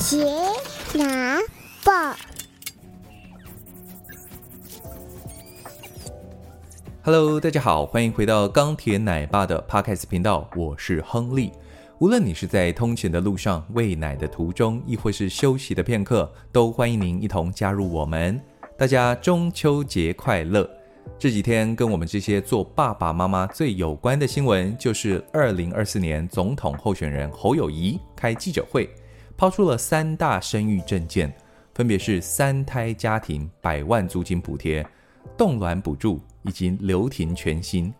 杰拿報，Hello，大家好，歡迎回到鋼鐵奶爸的 Podcast 頻道，我是亨利。無論你是在通勤的路上、餵奶的途中，亦或是休息的片刻，都歡迎您一同加入我們。大家中秋節快樂！這幾天跟我們這些做爸爸媽媽最有關的新聞，就是二零二四年總統候選人侯友宜開記者會。拋出了三大生育政見，分別是三胎家庭百萬租金補貼、凍卵補助以及留停全薪。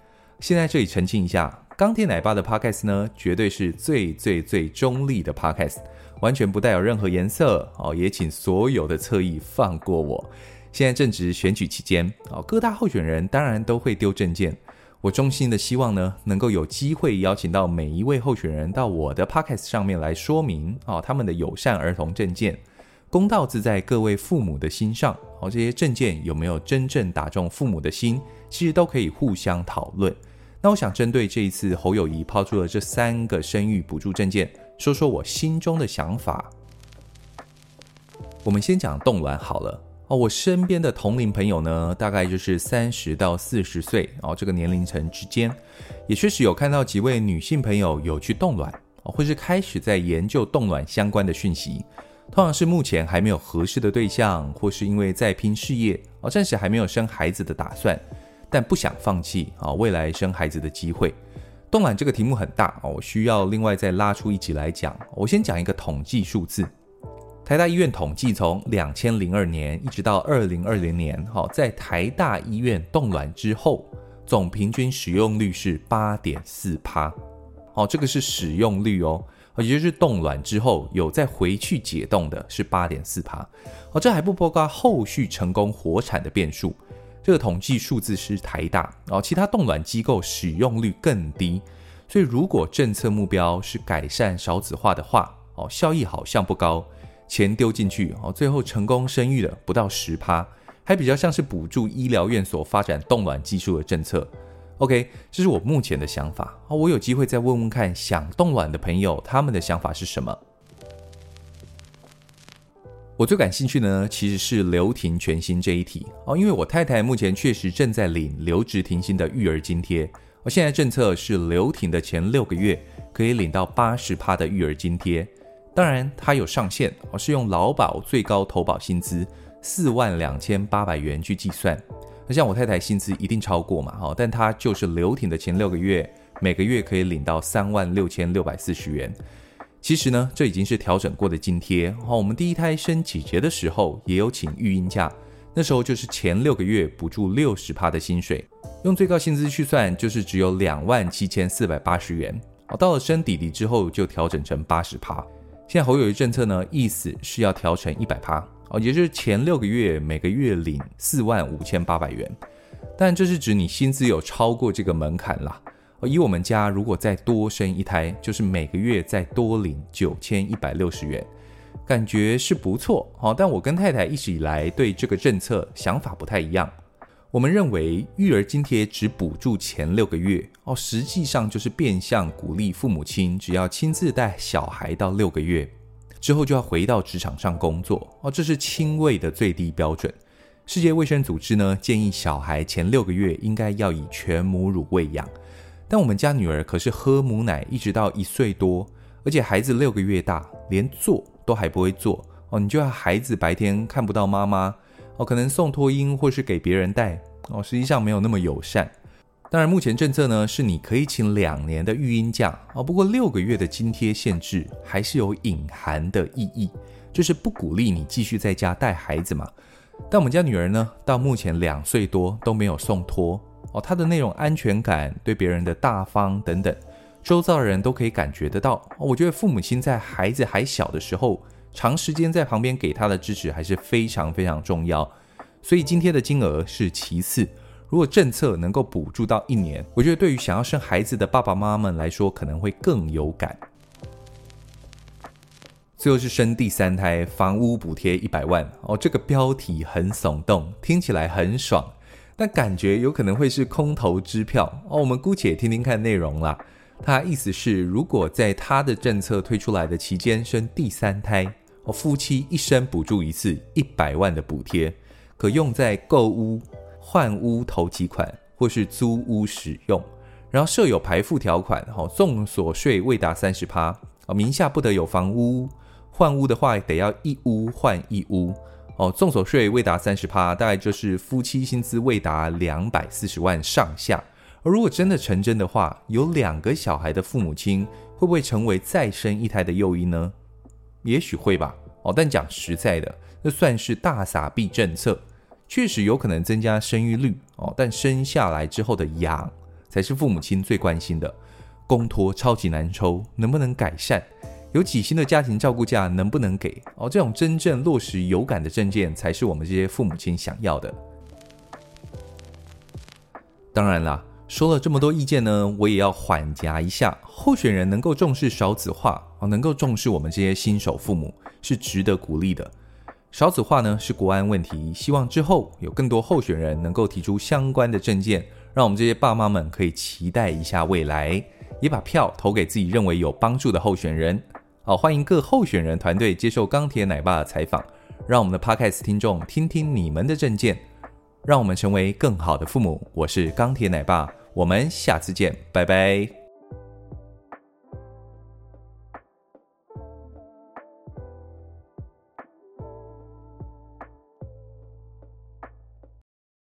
現在這裡澄清一下，鋼鐵奶爸的 podcast 呢，絕對是最最最中立的 podcast，完全不帶有任何顏色哦。也請所有的側翼放過我。現在正值選舉期間哦，各大候選人當然都會丟政見。我衷心的希望呢，能夠有機會邀請到每一位候選人到我的 podcast 上面來說明啊、哦，他們的友善兒童政見，公道自在各位父母的心上。好、哦，這些政見有沒有真正打中父母的心？其實都可以互相討論。那我想針對這一次侯友宜拋出了這三個生育補助政見，說說我心中的想法。我們先講凍卵好了。哦，我身邊的同齡朋友呢，大概就是三十到四十歲哦，這個年齡層之間，也確實有看到幾位女性朋友有去凍卵，或是開始在研究凍卵相關的訊息。通常是目前還沒有合適的對象，或是因為在拼事業哦，暫時還沒有生孩子的打算，但不想放棄啊未來生孩子的機會。凍卵這個題目很大哦，我需要另外再拉出一集來講。我先講一個統計數字。台大醫院統計，從兩千零二年一直到二零二零年，好，在台大醫院凍卵之後，總平均使用率是八點四趴。哦，這個是使用率哦，也就是凍卵之後有再回去解凍的是，是八點四趴。哦，這還不包括後續成功活產的變數。這個統計數字是台大，哦，其他凍卵機構使用率更低。所以，如果政策目標是改善少子化的話，哦，效益好像不高。錢丟進去哦，最後成功生育了不到十趴，還比較像是補助醫療院所發展凍卵技術的政策。OK，這是我目前的想法哦。我有機會再問問看，想凍卵的朋友他們的想法是什麼？我最感興趣的呢，其實是留停全薪這一題哦，因為我太太目前確實正在領留職停薪的育兒津貼。而現在政策是留停的前六個月可以領到八十趴的育兒津貼。當然，它有上限，我是用勞保最高投保薪資四萬兩千八百元去計算。那像我太太薪資一定超過嘛，但她就是留停的前六個月，每個月可以領到三萬六千六百四十元。其實呢，這已經是調整過的津貼。我們第一胎生姐姐的時候也有請育嬰假，那時候就是前六個月補助六十趴的薪水，用最高薪資去算就是只有兩萬七千四百八十元。到了生弟弟之後就調整成八十趴。現在侯友宜政策呢，意思是要調成一百趴，哦，也就是前六個月每個月領四萬五千八百元，但這是指你薪資有超過這個門檻啦。以我們家如果再多生一胎，就是每個月再多領九千一百六十元，感覺是不錯哦，但我跟太太一直以來對這個政策想法不太一樣。我們認為育兒津貼只補助前六個月哦，實際上就是變相鼓勵父母親只要親自帶小孩到六個月之後就要回到職場上工作哦，這是親餵的最低標準。世界衛生組織呢，建議小孩前六個月應該要以全母乳餵養，但我們家女兒可是喝母奶一直到一歲多，而且孩子六個月大連坐都還不會坐哦，你就讓孩子白天看不到媽媽。哦，可能送托嬰或是給別人帶哦，實際上沒有那麼友善。當然，目前政策呢是你可以請兩年的育嬰假哦，不過六個月的津貼限制還是有隱含的意義，就是不鼓勵你繼續在家帶孩子嘛。但我們家女兒呢，到目前兩歲多都沒有送托哦，她的那種安全感、對別人的大方等等，週遭的人都可以感覺得到。哦，我覺得父母親在孩子還小的時候，長時間在旁邊給他的支持還是非常非常重要，所以今天的金額是其次。如果政策能夠補助到一年，我覺得對於想要生孩子的爸爸媽媽們來說可能會更有感。最後是生第三胎，房屋補貼一百萬哦，這個標題很聳動，聽起來很爽，但感覺有可能會是空頭支票哦。我們姑且聽聽看內容啦。他意思是，如果在他的政策推出來的期間生第三胎。哦，夫妻一生補助一次一百萬的補貼，可用在購屋、換屋、頭期款、或是租屋使用。然後設有排富條款，哦，綜所稅未達三十趴，哦，名下不得有房屋。換屋的話得要一屋換一屋。哦，綜所稅未達三十趴，大概就是夫妻薪資未達兩百四十萬上下。而如果真的成真的話，有兩個小孩的父母親會不會成為再生一胎的誘因呢？也許會吧，哦，但講實在的，那算是大撒幣政策，確實有可能增加生育率，哦，但生下來之後的養才是父母親最關心的，公托超級難抽，能不能改善？有幾薪的家庭照顧假能不能給？哦，這種真正落實有感的政見才是我們這些父母親想要的。當然啦。說了這麼多意見呢，我也要緩頰一下。候選人能夠重視少子化，啊、哦，能夠重視我們這些新手父母是值得鼓勵的。少子化呢是國安問題，希望之後有更多候選人能夠提出相關的政見，讓我們這些爸媽們可以期待一下未來，也把票投給自己認為有幫助的候選人。好、哦，歡迎各候選人團隊接受鋼鐵奶爸的採訪，讓我們的 Podcast 聽眾聽、聽聽你們的政見，讓我們成為更好的父母。我是鋼鐵奶爸，我們下次見，拜拜。